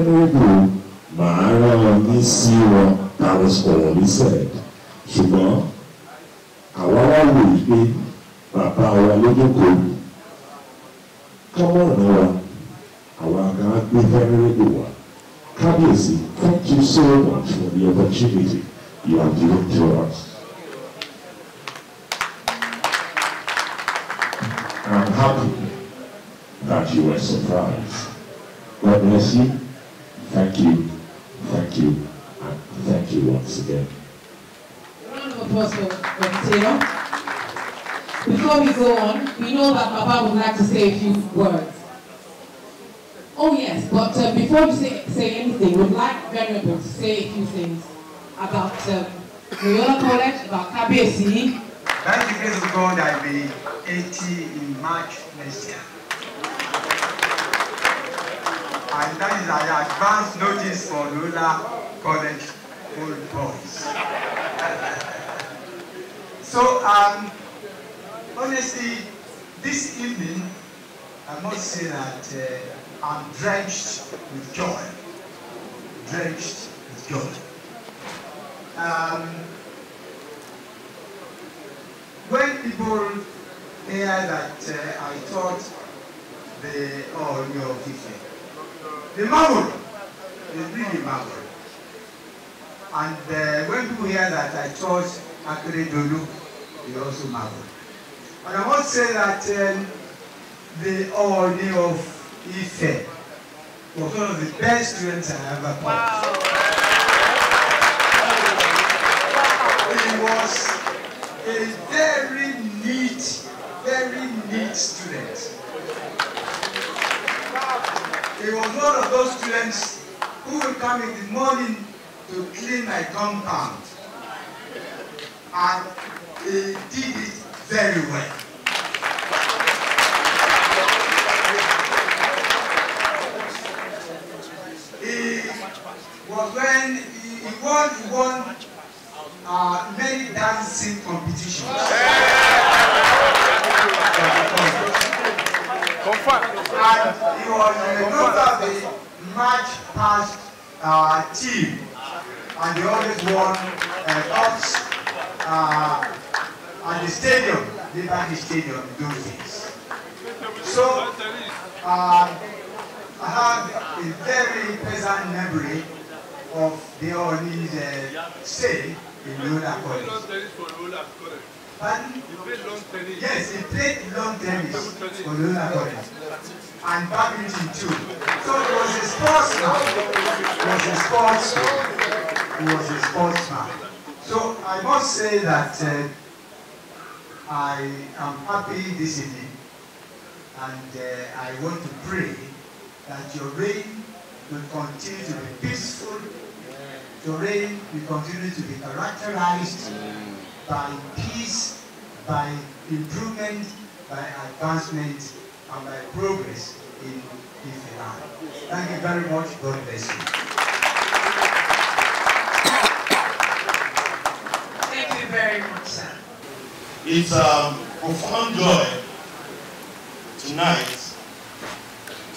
lẹ́nu màá rán wọn ní sí wọn tàbí sọ̀rọ̀ ní sẹ́ẹ̀d ṣùgbọ́n àwa wá wò ó pé bàbá wa lójókòó kọ́mọ̀nù wa àwa kan gbé fẹ́rẹ́rẹ́dò wa kábíyèsí thank you so much for the opportunity you have given to us. I'm happy that you were surprised. God bless you. Thank you. Thank you. And thank you once again. Round of applause for Taylor. Before we go on, we know that Papa would like to say a few words. Oh yes, but uh, before you say, say anything, we'd like Venerable to say a few things about um, Loyola College, about KBSE. That's the grace of God, I'll be 80 in March next year and that is an advance notice for Lula College Old Boys. so, um, honestly, this evening, I must say that uh, I'm drenched with joy. Drenched with joy. Um, when people hear that uh, I taught the, all your know, different. The mammon is really mammon. And uh, when people hear that I church Akere Dolu, they also marvel. And I must say that um, the Oni of Ife was one of the best students I ever taught. Wow. He was a very neat, very neat student. He was one of those students who would come in the morning to clean my compound. And he did it very well. because the not a match past uh, team, and they always won uh, at uh, the stadium, the buy the stadium do this. So uh, I have a very pleasant memory of the Orleans uh, stay in Lola College. Pardon? Yes, he played long tennis for the Luna And badminton too. So he was a sportsman. He was a sportsman. He was a sportsman. So I must say that uh, I am happy this evening and uh, I want to pray that your reign will continue to be peaceful, your reign will continue to be characterized by peace, by improvement, by advancement, and by progress in this land. Thank you very much. God bless you. Thank you very much, sir. It's a um, profound joy tonight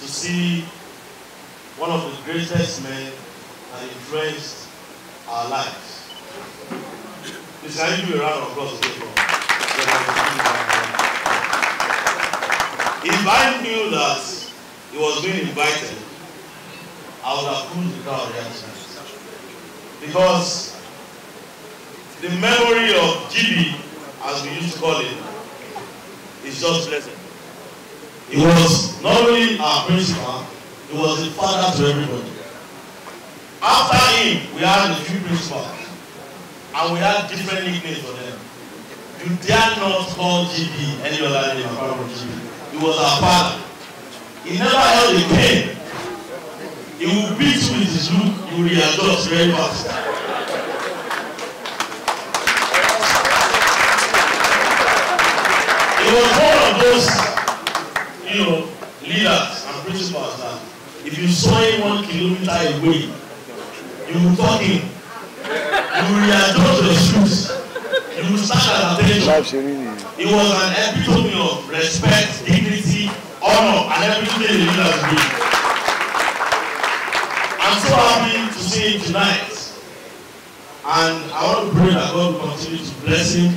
to see one of the greatest men that influenced our life. Please can you give round of applause to people? If I knew that he was being invited, I would have pulled the crowd reaction. Because the memory of GB, as we used to call him, is just blessed. He was not only our principal, he was a father to everybody. After him, we had a few principals and we have different nicknames for them. You dare not call GB any other name apart from GB. He was our father. He never held a pen. He will beat you with his look, you will readjust very fast. He was one of those, you know, leaders and principals that if you saw him one kilometer away, you would talk him. and we were going to the schools. It was such an attention. was an epitome of respect, dignity, honor, and everything that knew as been. I'm so happy to see him tonight. And I want to pray that God will continue to bless him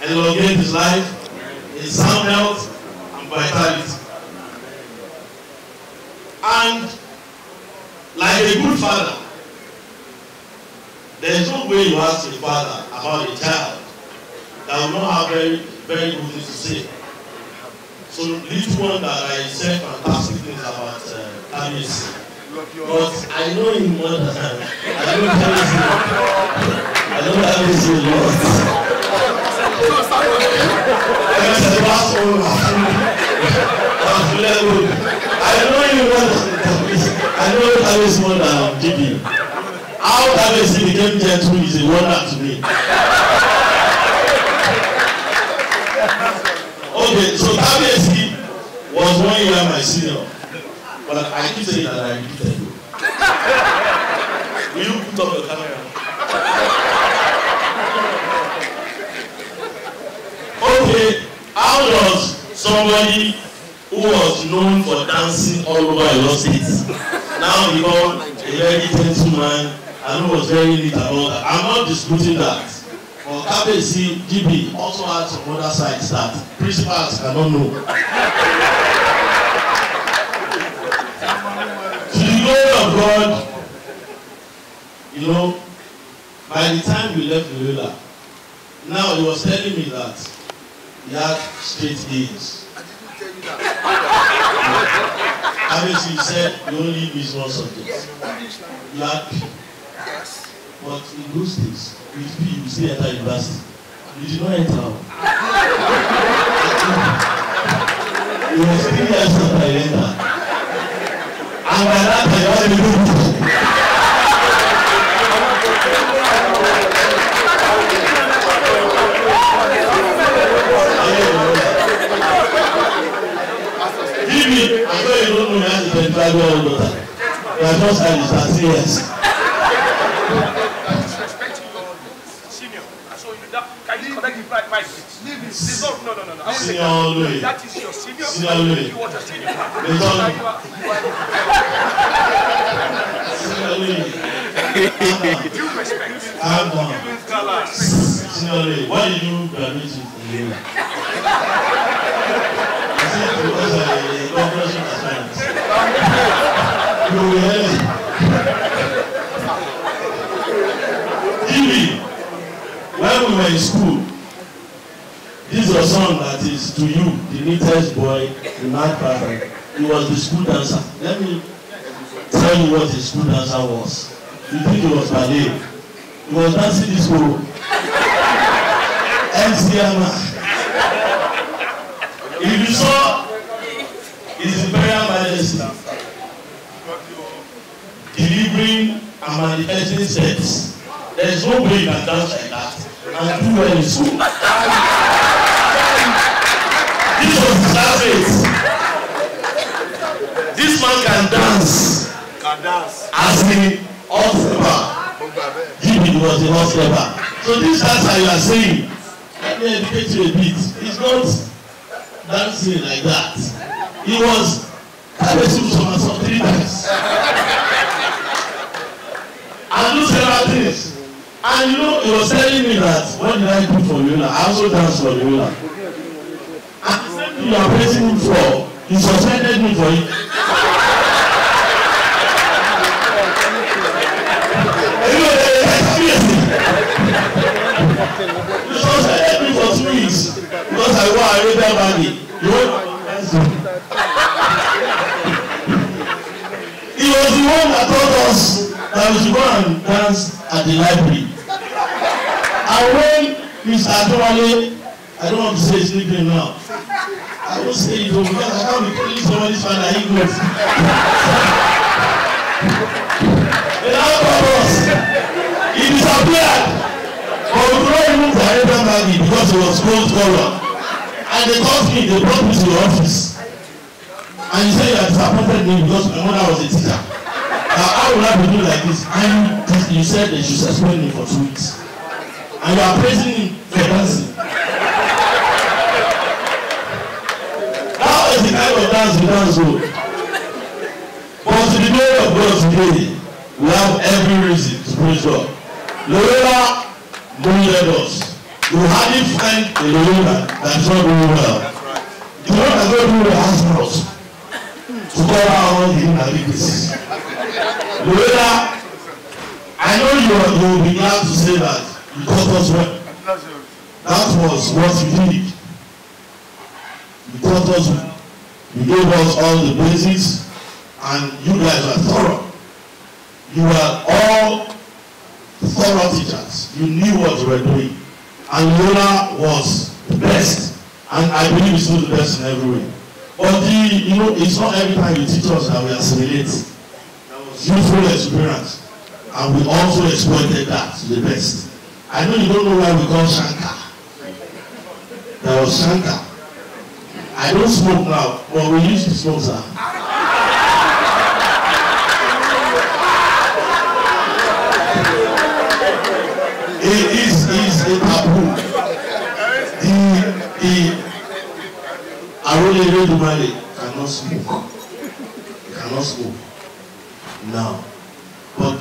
and elongate his life in sound health and vitality. And like a good father, There is no way you ask a father about a child that will not have very, very good things to say. So little one that I said fantastic things about uh, But I know him more than I know Tamis a lot. I know Tamis a lot. I said the last one was I know him more than Tamis. I know Tamis more than Didi. How that person became gentle is a wonder to me. Okay, so Tabesi was one year my senior. But I keep saying that I repeated you. Will you put up your camera? Okay, how does somebody who was known for dancing all over your state now become a very gentle man and was very neat and all that i'm not disputing that but kabesi gb also had some other sites that principals cannot know to the glory of god you know by the time we left Lula, now he was telling me that he had straight A's. Obviously, he said you only miss one subject. You had P. But in those days, with P, you still enter university. You did not enter. you were still here since I enter. And by that time, you already me, I know you don't know me as a 25 year old daughter. You are just an 13 years. Yes. No, no, no, no. I senior Louis. That is your senior. Senior Louis. You want a senior. They told you Senior Louis. Due respect. Abba. Senior Louis, why did you graduate with Louis? Is it because I operation science? You were. Jimmy, when we were in school, your son that is to you the neatest boy in that department he was the school dancer let me tell you what the school dancer was you think he was ballet he was dancing this role mcma if you saw his imperial majesty delivering and manifesting sex there is no way you can dance like that and do well in school. àti ọ̀sẹ̀bà yìí ni wọ́n ti ọ̀sẹ̀bà so this dancer you are saying let me educate you a bit it's not dancing like that he was kábíyèsí sọ̀rọ̀ sọ three times and do several things and you know he was telling me that what did I do for you now? I also dance for you now. and the same thing you are praising me for he suspended me for it. bàbí yóò ẹ̀sùn. He was the one that taught us that we should go and dance at the library. And when Mr. Adewale, I don't want to say his name now, I won't say it because I can't be telling somebody's father he goes. They now call us. He disappeared. But we don't not remove the Arabian bag because he was gold color and they called me they brought me to the office and you said you are disappointed me because my mother was a teacher na how would i be doing like this and you said they should suspend me for two weeks and you are praising me for dancing How is the kind of dance we dance o but to the glory of God today we have every reason to praise God Loyola Moyledos they believe that that's not doing well. The one that's not the house for us to cover all the inadequacies. Lorena, I know you are, you will be glad to say that you taught us well. That was what you did. You taught us well. You gave us all the basics and you guys were thorough. You were all thorough teachers. You knew what you were doing. And Angola was the best, and I believe it's still the best in every way. But the, you know, it's not every time you teach us that we assimilate. That was useful experience, and we also exploited that to the best. I know you don't know why we call Shankar. That was Shankar. I don't smoke now, but we used to smoke, sir. it is Only Olódùmarè cannot smoke. Cannot smoke. Now. But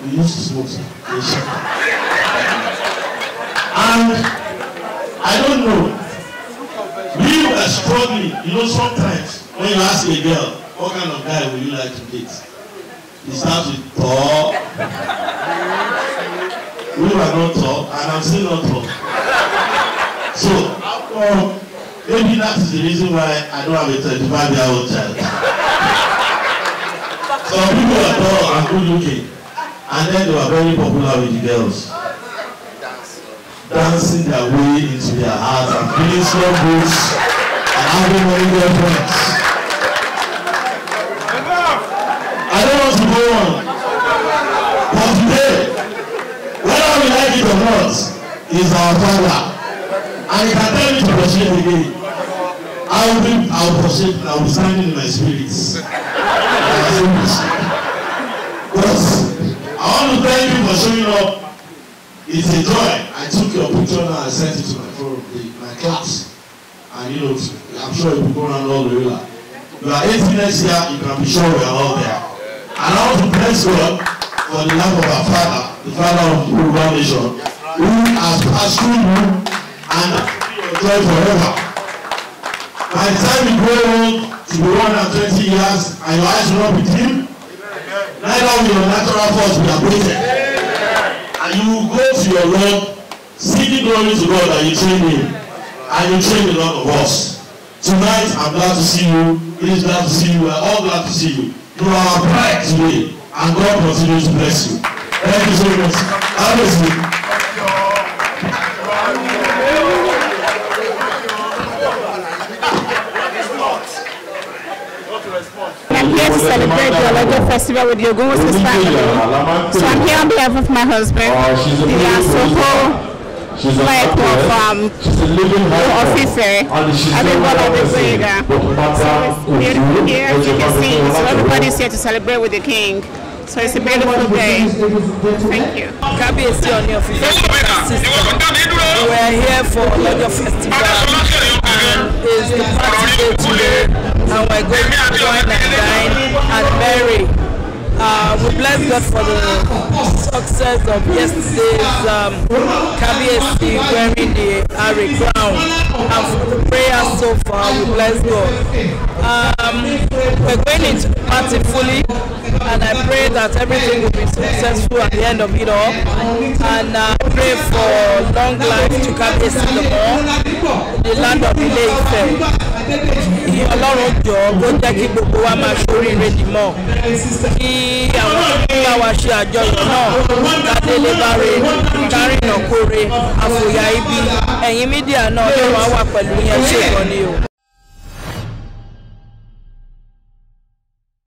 we used to smoke in And I don't know. We were struggling. You know, sometimes when you ask a girl, what kind of guy would you like to date? He starts with tall. We were not tall, and I'm still not tall. So, how Maybe that's the reason why I don't have a 25 year old child. Some people are tall and good looking, and then they were very popular with the girls. Dancing their way into their hearts and feeling so good and having money Enough! I don't want to go on. But today, whether we like it or not, is our father. I can tell you to proceed again, I will, I will proceed, I will stand in my spirits. Because I want to thank you for showing up. It's a joy. I took your picture now and sent it to my forum, my class. And you know, I'm sure you will around all the way. Like, you are 18 next year, you can be sure we are all there. And I want to praise God for the love of our father, the father of the Yoruba nation, who has passed through you and enjoy forever. By the time you grow old to be one and twenty years and your eyes rub with him, neither will your natural force be abated. And you will go to your Lord, seeking glory to God and you train him and you train a lot of us. Tonight, I'm glad to see you. It is glad to see you. We're all glad to see you. You are our pride today, and God continues to bless you. Thank you so much. Have a seat. celebrate your Logo Festival with your Gungu sister So I'm here on behalf of my husband, Dilia Soko Michael from Ofife, Abimbola Desoyega. So it's beautiful here, as you can see, so everybody's here to celebrate with the king. So it's a beautiful day. Thank you. Kabi is still on your We are here for Logo Festival it's the party day today. and we're going to join and dine and merry. Uh, we bless God for the success of yesterday's um, KBSC wearing the Harry crown and for the prayer so far we bless God. Um, we're going into party fully and I pray that everything will be successful at the end of it all and I pray for long life to KBSC the more, the land of the ife ọlọ́run jọ kó jẹ́ kí gbogbo wa máa ṣoríire dìmọ̀ kí àwọn bá wa ṣe àjọyọ̀ náà kádélé bá re kárìnà kóre àfòyà ibi ẹ̀yin mídíà náà yóò wá wà pẹ̀lú yẹn ṣe ìkànnì o.